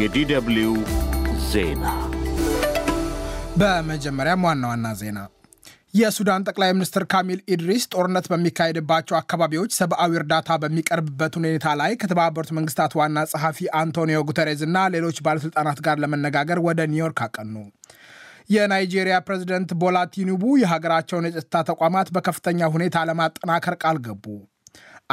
የዲደብሊው ዜና በመጀመሪያም ዋና ዋና ዜና የሱዳን ጠቅላይ ሚኒስትር ካሚል ኢድሪስ ጦርነት በሚካሄድባቸው አካባቢዎች ሰብአዊ እርዳታ በሚቀርብበት ሁኔታ ላይ ከተባበሩት መንግስታት ዋና ጸሐፊ አንቶኒዮ ጉተሬዝ እና ሌሎች ባለሥልጣናት ጋር ለመነጋገር ወደ ኒውዮርክ አቀኑ። የናይጄሪያ ፕሬዝደንት ቦላ ቲኑቡ የሀገራቸውን የጸጥታ ተቋማት በከፍተኛ ሁኔታ ለማጠናከር ቃል ገቡ።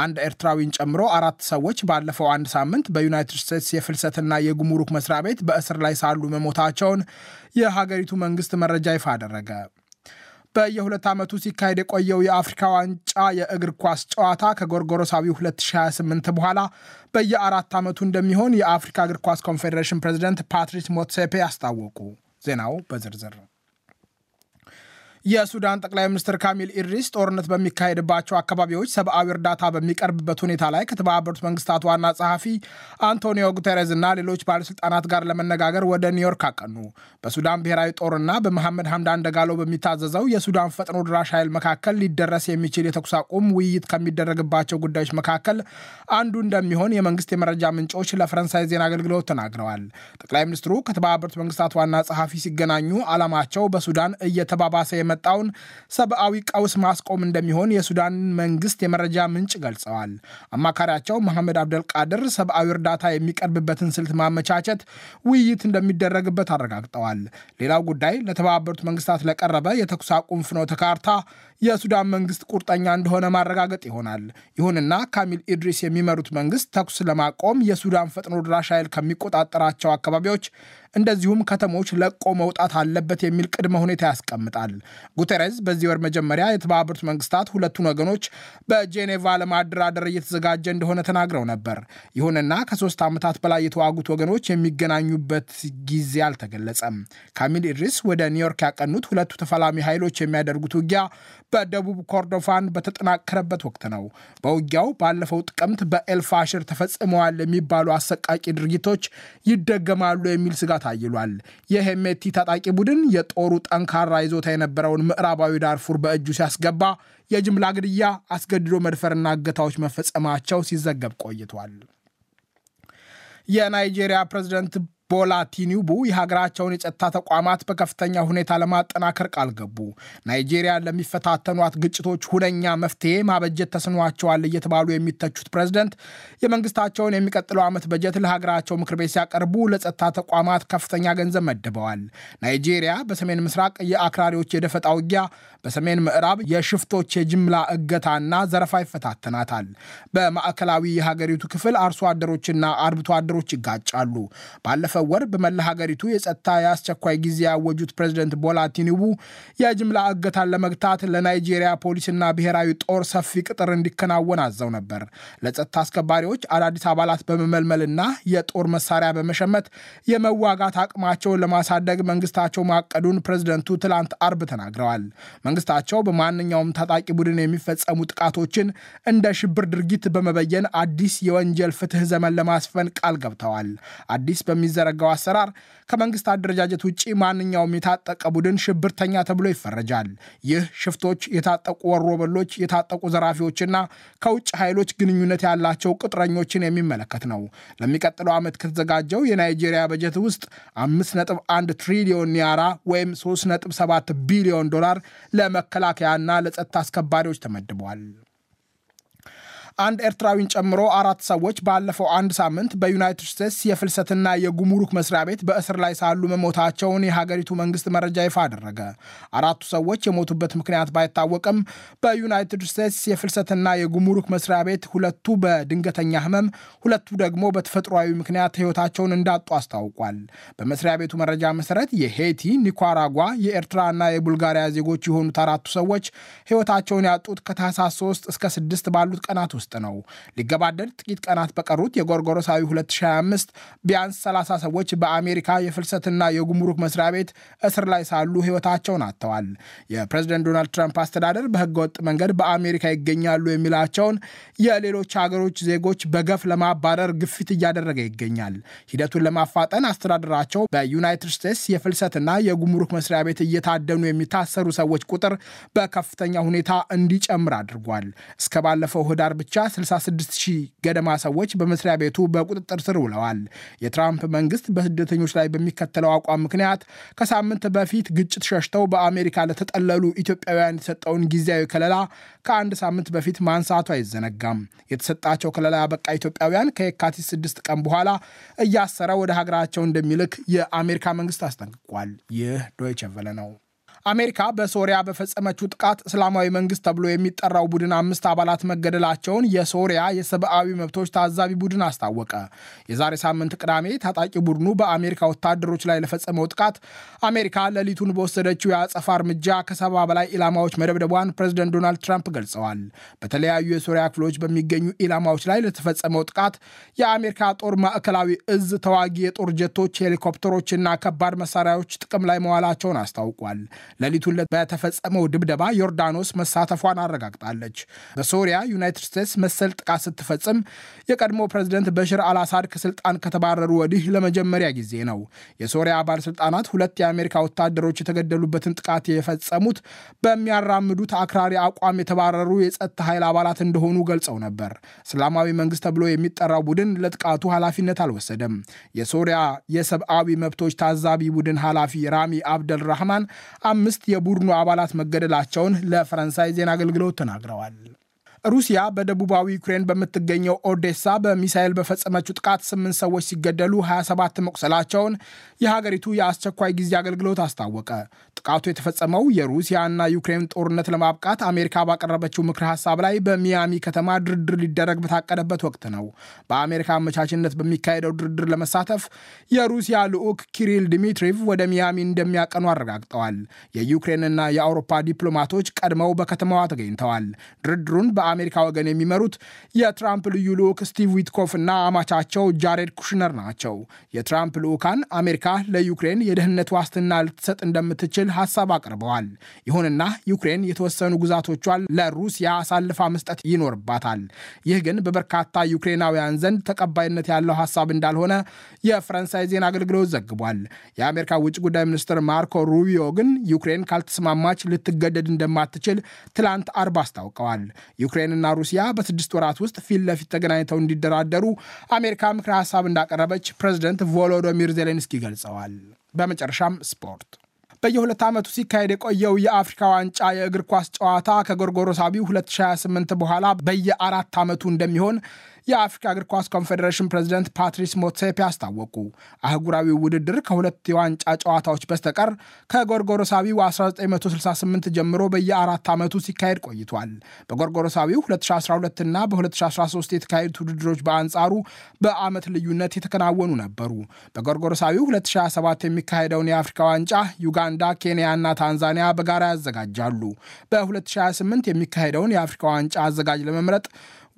አንድ ኤርትራዊን ጨምሮ አራት ሰዎች ባለፈው አንድ ሳምንት በዩናይትድ ስቴትስ የፍልሰትና የጉምሩክ መስሪያ ቤት በእስር ላይ ሳሉ መሞታቸውን የሀገሪቱ መንግስት መረጃ ይፋ አደረገ። በየሁለት ዓመቱ ሲካሄድ የቆየው የአፍሪካ ዋንጫ የእግር ኳስ ጨዋታ ከጎርጎሮሳዊ 2028 በኋላ በየአራት ዓመቱ እንደሚሆን የአፍሪካ እግር ኳስ ኮንፌዴሬሽን ፕሬዚደንት ፓትሪስ ሞትሴፔ አስታወቁ። ዜናው በዝርዝር የሱዳን ጠቅላይ ሚኒስትር ካሚል ኢድሪስ ጦርነት በሚካሄድባቸው አካባቢዎች ሰብአዊ እርዳታ በሚቀርብበት ሁኔታ ላይ ከተባበሩት መንግስታት ዋና ጸሐፊ አንቶኒዮ ጉተሬዝ እና ሌሎች ባለስልጣናት ጋር ለመነጋገር ወደ ኒውዮርክ አቀኑ። በሱዳን ብሔራዊ ጦርና በመሐመድ ሐምዳን ደጋሎ በሚታዘዘው የሱዳን ፈጥኖ ድራሽ ኃይል መካከል ሊደረስ የሚችል የተኩስ አቁም ውይይት ከሚደረግባቸው ጉዳዮች መካከል አንዱ እንደሚሆን የመንግስት የመረጃ ምንጮች ለፈረንሳይ ዜና አገልግሎት ተናግረዋል። ጠቅላይ ሚኒስትሩ ከተባበሩት መንግስታት ዋና ጸሐፊ ሲገናኙ ዓላማቸው በሱዳን እየተባባሰ የመጣውን ሰብአዊ ቀውስ ማስቆም እንደሚሆን የሱዳን መንግስት የመረጃ ምንጭ ገልጸዋል። አማካሪያቸው መሐመድ አብደልቃድር ሰብአዊ እርዳታ የሚቀርብበትን ስልት ማመቻቸት ውይይት እንደሚደረግበት አረጋግጠዋል። ሌላው ጉዳይ ለተባበሩት መንግስታት ለቀረበ የተኩስ አቁም ፍኖተ ካርታ የሱዳን መንግስት ቁርጠኛ እንደሆነ ማረጋገጥ ይሆናል። ይሁንና ካሚል ኢድሪስ የሚመሩት መንግስት ተኩስ ለማቆም የሱዳን ፈጥኖ ድራሽ ኃይል ከሚቆጣጠራቸው አካባቢዎች እንደዚሁም ከተሞች ለቆ መውጣት አለበት የሚል ቅድመ ሁኔታ ያስቀምጣል። ጉተረዝ በዚህ ወር መጀመሪያ የተባበሩት መንግስታት ሁለቱን ወገኖች በጄኔቫ ለማደራደር እየተዘጋጀ እንደሆነ ተናግረው ነበር። ይሁንና ከሶስት ዓመታት በላይ የተዋጉት ወገኖች የሚገናኙበት ጊዜ አልተገለጸም። ካሚል ኢድሪስ ወደ ኒውዮርክ ያቀኑት ሁለቱ ተፋላሚ ኃይሎች የሚያደርጉት ውጊያ በደቡብ ኮርዶፋን በተጠናከረበት ወቅት ነው። በውጊያው ባለፈው ጥቅምት በኤልፋሽር ተፈጽመዋል የሚባሉ አሰቃቂ ድርጊቶች ይደገማሉ የሚል ስጋት ታይሏል። የሄሜቲ ታጣቂ ቡድን የጦሩ ጠንካራ ይዞታ የነበረውን ምዕራባዊ ዳርፉር በእጁ ሲያስገባ የጅምላ ግድያ፣ አስገድዶ መድፈርና እገታዎች መፈጸማቸው ሲዘገብ ቆይቷል። የናይጄሪያ ፕሬዝደንት ቦላቲኒቡ የሀገራቸውን የጸጥታ ተቋማት በከፍተኛ ሁኔታ ለማጠናከር ቃል ገቡ። ናይጄሪያን ለሚፈታተኗት ግጭቶች ሁነኛ መፍትሄ ማበጀት ተስኗቸዋል እየተባሉ የሚተቹት ፕሬዝደንት የመንግስታቸውን የሚቀጥለው ዓመት በጀት ለሀገራቸው ምክር ቤት ሲያቀርቡ ለጸጥታ ተቋማት ከፍተኛ ገንዘብ መድበዋል። ናይጄሪያ በሰሜን ምስራቅ የአክራሪዎች የደፈጣ ውጊያ፣ በሰሜን ምዕራብ የሽፍቶች የጅምላ እገታና ዘረፋ ይፈታተናታል። በማዕከላዊ የሀገሪቱ ክፍል አርሶ አደሮችና አርብቶ አደሮች ይጋጫሉ። ባለፈው ወር በመላ ሀገሪቱ የጸጥታ የአስቸኳይ ጊዜ ያወጁት ፕሬዝደንት ቦላ ቲኒቡ የጅምላ እገታን ለመግታት ለናይጄሪያ ፖሊስና ብሔራዊ ጦር ሰፊ ቅጥር እንዲከናወን አዘው ነበር። ለጸጥታ አስከባሪዎች አዳዲስ አባላት በመመልመልና የጦር መሳሪያ በመሸመት የመዋጋት አቅማቸውን ለማሳደግ መንግስታቸው ማቀዱን ፕሬዝደንቱ ትላንት አርብ ተናግረዋል። መንግስታቸው በማንኛውም ታጣቂ ቡድን የሚፈጸሙ ጥቃቶችን እንደ ሽብር ድርጊት በመበየን አዲስ የወንጀል ፍትህ ዘመን ለማስፈን ቃል ገብተዋል። አዲስ በሚዘረ በሚደረገው አሰራር ከመንግስት አደረጃጀት ውጭ ማንኛውም የታጠቀ ቡድን ሽብርተኛ ተብሎ ይፈረጃል። ይህ ሽፍቶች፣ የታጠቁ ወሮበሎች፣ የታጠቁ ዘራፊዎችና ከውጭ ኃይሎች ግንኙነት ያላቸው ቅጥረኞችን የሚመለከት ነው። ለሚቀጥለው ዓመት ከተዘጋጀው የናይጄሪያ በጀት ውስጥ 5.1 ትሪሊዮን ኒያራ ወይም 3.7 ቢሊዮን ዶላር ለመከላከያና ለጸጥታ አስከባሪዎች ተመድበዋል። አንድ ኤርትራዊን ጨምሮ አራት ሰዎች ባለፈው አንድ ሳምንት በዩናይትድ ስቴትስ የፍልሰትና የጉምሩክ መስሪያ ቤት በእስር ላይ ሳሉ መሞታቸውን የሀገሪቱ መንግስት መረጃ ይፋ አደረገ። አራቱ ሰዎች የሞቱበት ምክንያት ባይታወቅም በዩናይትድ ስቴትስ የፍልሰትና የጉምሩክ መስሪያ ቤት ሁለቱ በድንገተኛ ህመም፣ ሁለቱ ደግሞ በተፈጥሯዊ ምክንያት ህይወታቸውን እንዳጡ አስታውቋል። በመስሪያ ቤቱ መረጃ መሰረት የሄይቲ፣ ኒካራጓ፣ የኤርትራና የቡልጋሪያ ዜጎች የሆኑት አራቱ ሰዎች ህይወታቸውን ያጡት ከታህሳስ 3 እስከ 6 ባሉት ቀናት ውስጥ ውስጥ ነው። ሊገባደድ ጥቂት ቀናት በቀሩት የጎርጎሮሳዊ 2025 ቢያንስ 30 ሰዎች በአሜሪካ የፍልሰትና የጉምሩክ መስሪያ ቤት እስር ላይ ሳሉ ህይወታቸውን አጥተዋል። የፕሬዝደንት ዶናልድ ትራምፕ አስተዳደር በህገወጥ መንገድ በአሜሪካ ይገኛሉ የሚላቸውን የሌሎች ሀገሮች ዜጎች በገፍ ለማባረር ግፊት እያደረገ ይገኛል። ሂደቱን ለማፋጠን አስተዳደራቸው በዩናይትድ ስቴትስ የፍልሰትና የጉምሩክ መስሪያ ቤት እየታደኑ የሚታሰሩ ሰዎች ቁጥር በከፍተኛ ሁኔታ እንዲጨምር አድርጓል። እስከ ባለፈው ህዳር ብቻ ብቻ 66 ሺህ ገደማ ሰዎች በመስሪያ ቤቱ በቁጥጥር ስር ውለዋል። የትራምፕ መንግስት በስደተኞች ላይ በሚከተለው አቋም ምክንያት ከሳምንት በፊት ግጭት ሸሽተው በአሜሪካ ለተጠለሉ ኢትዮጵያውያን የተሰጠውን ጊዜያዊ ከለላ ከአንድ ሳምንት በፊት ማንሳቱ አይዘነጋም። የተሰጣቸው ከለላ ያበቃ ኢትዮጵያውያን ከየካቲት ስድስት ቀን በኋላ እያሰረ ወደ ሀገራቸው እንደሚልክ የአሜሪካ መንግስት አስጠንቅቋል። ይህ ዶይቸ ነው። አሜሪካ በሶሪያ በፈጸመችው ጥቃት እስላማዊ መንግስት ተብሎ የሚጠራው ቡድን አምስት አባላት መገደላቸውን የሶሪያ የሰብአዊ መብቶች ታዛቢ ቡድን አስታወቀ። የዛሬ ሳምንት ቅዳሜ ታጣቂ ቡድኑ በአሜሪካ ወታደሮች ላይ ለፈጸመው ጥቃት አሜሪካ ሌሊቱን በወሰደችው የአጸፋ እርምጃ ከሰባ በላይ ኢላማዎች መደብደቧን ፕሬዚደንት ዶናልድ ትራምፕ ገልጸዋል። በተለያዩ የሶሪያ ክፍሎች በሚገኙ ኢላማዎች ላይ ለተፈጸመው ጥቃት የአሜሪካ ጦር ማዕከላዊ እዝ ተዋጊ የጦር ጀቶች፣ ሄሊኮፕተሮችና ከባድ መሳሪያዎች ጥቅም ላይ መዋላቸውን አስታውቋል። ሌሊቱን በተፈጸመው ድብደባ ዮርዳኖስ መሳተፏን አረጋግጣለች። በሶሪያ ዩናይትድ ስቴትስ መሰል ጥቃት ስትፈጽም የቀድሞ ፕሬዚደንት በሽር አልአሳድ ከስልጣን ከተባረሩ ወዲህ ለመጀመሪያ ጊዜ ነው። የሶሪያ ባለስልጣናት ሁለት የአሜሪካ ወታደሮች የተገደሉበትን ጥቃት የፈጸሙት በሚያራምዱት አክራሪ አቋም የተባረሩ የጸጥታ ኃይል አባላት እንደሆኑ ገልጸው ነበር። እስላማዊ መንግስት ተብሎ የሚጠራው ቡድን ለጥቃቱ ኃላፊነት አልወሰደም። የሶሪያ የሰብአዊ መብቶች ታዛቢ ቡድን ኃላፊ ራሚ አብደል ራህማን አምስት የቡድኑ አባላት መገደላቸውን ለፈረንሳይ ዜና አገልግሎት ተናግረዋል። ሩሲያ በደቡባዊ ዩክሬን በምትገኘው ኦዴሳ በሚሳኤል በፈጸመችው ጥቃት ስምንት ሰዎች ሲገደሉ 27 መቁሰላቸውን የሀገሪቱ የአስቸኳይ ጊዜ አገልግሎት አስታወቀ። ጥቃቱ የተፈጸመው የሩሲያና ዩክሬን ጦርነት ለማብቃት አሜሪካ ባቀረበችው ምክረ ሀሳብ ላይ በሚያሚ ከተማ ድርድር ሊደረግ በታቀደበት ወቅት ነው። በአሜሪካ አመቻችነት በሚካሄደው ድርድር ለመሳተፍ የሩሲያ ልዑክ ኪሪል ዲሚትሪቭ ወደ ሚያሚ እንደሚያቀኑ አረጋግጠዋል። የዩክሬንና የአውሮፓ ዲፕሎማቶች ቀድመው በከተማዋ ተገኝተዋል። ድርድሩን በ በአሜሪካ ወገን የሚመሩት የትራምፕ ልዩ ልዑክ ስቲቭ ዊትኮፍ እና አማቻቸው ጃሬድ ኩሽነር ናቸው። የትራምፕ ልዑካን አሜሪካ ለዩክሬን የደህንነት ዋስትና ልትሰጥ እንደምትችል ሀሳብ አቅርበዋል። ይሁንና ዩክሬን የተወሰኑ ግዛቶቿን ለሩሲያ አሳልፋ መስጠት ይኖርባታል። ይህ ግን በበርካታ ዩክሬናውያን ዘንድ ተቀባይነት ያለው ሀሳብ እንዳልሆነ የፈረንሳይ ዜና አገልግሎት ዘግቧል። የአሜሪካ ውጭ ጉዳይ ሚኒስትር ማርኮ ሩቢዮ ግን ዩክሬን ካልተስማማች ልትገደድ እንደማትችል ትላንት አርብ አስታውቀዋል። ዩክሬንና ሩሲያ በስድስት ወራት ውስጥ ፊት ለፊት ተገናኝተው እንዲደራደሩ አሜሪካ ምክረ ሀሳብ እንዳቀረበች ፕሬዚደንት ቮሎዶሚር ዜሌንስኪ ገልጸዋል። በመጨረሻም ስፖርት። በየሁለት ዓመቱ ሲካሄድ የቆየው የአፍሪካ ዋንጫ የእግር ኳስ ጨዋታ ከጎርጎሮሳቢው 2028 በኋላ በየአራት ዓመቱ እንደሚሆን የአፍሪካ እግር ኳስ ኮንፌዴሬሽን ፕሬዚደንት ፓትሪስ ሞትሴፔ አስታወቁ። አህጉራዊው ውድድር ከሁለት የዋንጫ ጨዋታዎች በስተቀር ከጎርጎሮሳዊው 1968 ጀምሮ በየአራት ዓመቱ ሲካሄድ ቆይቷል። በጎርጎሮሳዊው 2012 እና በ2013 የተካሄዱት ውድድሮች በአንጻሩ በዓመት ልዩነት የተከናወኑ ነበሩ። በጎርጎሮሳዊው 2027 የሚካሄደውን የአፍሪካ ዋንጫ ዩጋንዳ፣ ኬንያ እና ታንዛኒያ በጋራ ያዘጋጃሉ። በ2028 የሚካሄደውን የአፍሪካ ዋንጫ አዘጋጅ ለመምረጥ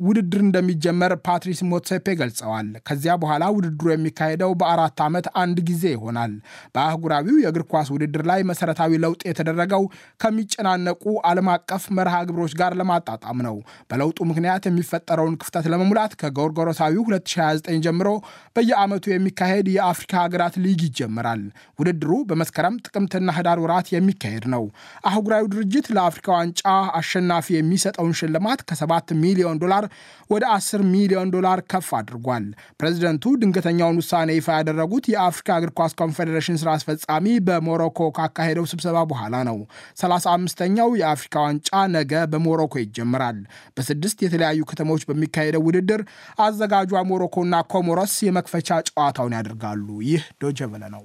ውድድር እንደሚጀመር ፓትሪስ ሞትሴፔ ገልጸዋል። ከዚያ በኋላ ውድድሩ የሚካሄደው በአራት ዓመት አንድ ጊዜ ይሆናል። በአህጉራዊው የእግር ኳስ ውድድር ላይ መሰረታዊ ለውጥ የተደረገው ከሚጨናነቁ ዓለም አቀፍ መርሃ ግብሮች ጋር ለማጣጣም ነው። በለውጡ ምክንያት የሚፈጠረውን ክፍተት ለመሙላት ከጎርጎሮሳዊው 2029 ጀምሮ በየዓመቱ የሚካሄድ የአፍሪካ ሀገራት ሊግ ይጀምራል። ውድድሩ በመስከረም ጥቅምትና ህዳር ወራት የሚካሄድ ነው። አህጉራዊ ድርጅት ለአፍሪካ ዋንጫ አሸናፊ የሚሰጠውን ሽልማት ከ7 ሚሊዮን ዶላር ዶላር ወደ 10 ሚሊዮን ዶላር ከፍ አድርጓል። ፕሬዚደንቱ ድንገተኛውን ውሳኔ ይፋ ያደረጉት የአፍሪካ እግር ኳስ ኮንፌዴሬሽን ስራ አስፈጻሚ በሞሮኮ ካካሄደው ስብሰባ በኋላ ነው። 35ኛው የአፍሪካ ዋንጫ ነገ በሞሮኮ ይጀምራል። በስድስት የተለያዩ ከተሞች በሚካሄደው ውድድር አዘጋጇ ሞሮኮና ኮሞሮስ የመክፈቻ ጨዋታውን ያደርጋሉ። ይህ ዶጀ ነው።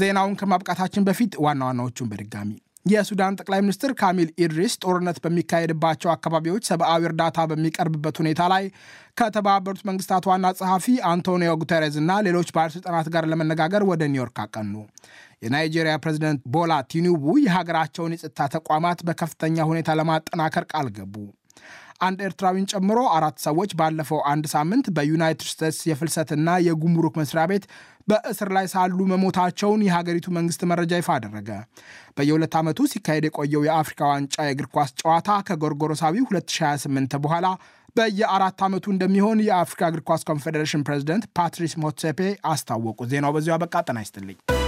ዜናውን ከማብቃታችን በፊት ዋና ዋናዎቹን በድጋሚ የሱዳን ጠቅላይ ሚኒስትር ካሚል ኢድሪስ ጦርነት በሚካሄድባቸው አካባቢዎች ሰብአዊ እርዳታ በሚቀርብበት ሁኔታ ላይ ከተባበሩት መንግስታት ዋና ጸሐፊ አንቶኒዮ ጉተሬዝ እና ሌሎች ባለሥልጣናት ጋር ለመነጋገር ወደ ኒውዮርክ አቀኑ። የናይጄሪያ ፕሬዚደንት ቦላ ቲኑቡ የሀገራቸውን የጸጥታ ተቋማት በከፍተኛ ሁኔታ ለማጠናከር ቃል ገቡ። አንድ ኤርትራዊን ጨምሮ አራት ሰዎች ባለፈው አንድ ሳምንት በዩናይትድ ስቴትስ የፍልሰትና የጉምሩክ መስሪያ ቤት በእስር ላይ ሳሉ መሞታቸውን የሀገሪቱ መንግስት መረጃ ይፋ አደረገ። በየሁለት ዓመቱ ሲካሄድ የቆየው የአፍሪካ ዋንጫ የእግር ኳስ ጨዋታ ከጎርጎሮሳዊ 2028 በኋላ በየአራት ዓመቱ እንደሚሆን የአፍሪካ እግር ኳስ ኮንፌዴሬሽን ፕሬዚደንት ፓትሪስ ሞትሴፔ አስታወቁ። ዜናው በዚሁ አበቃ። ጤና ይስጥልኝ።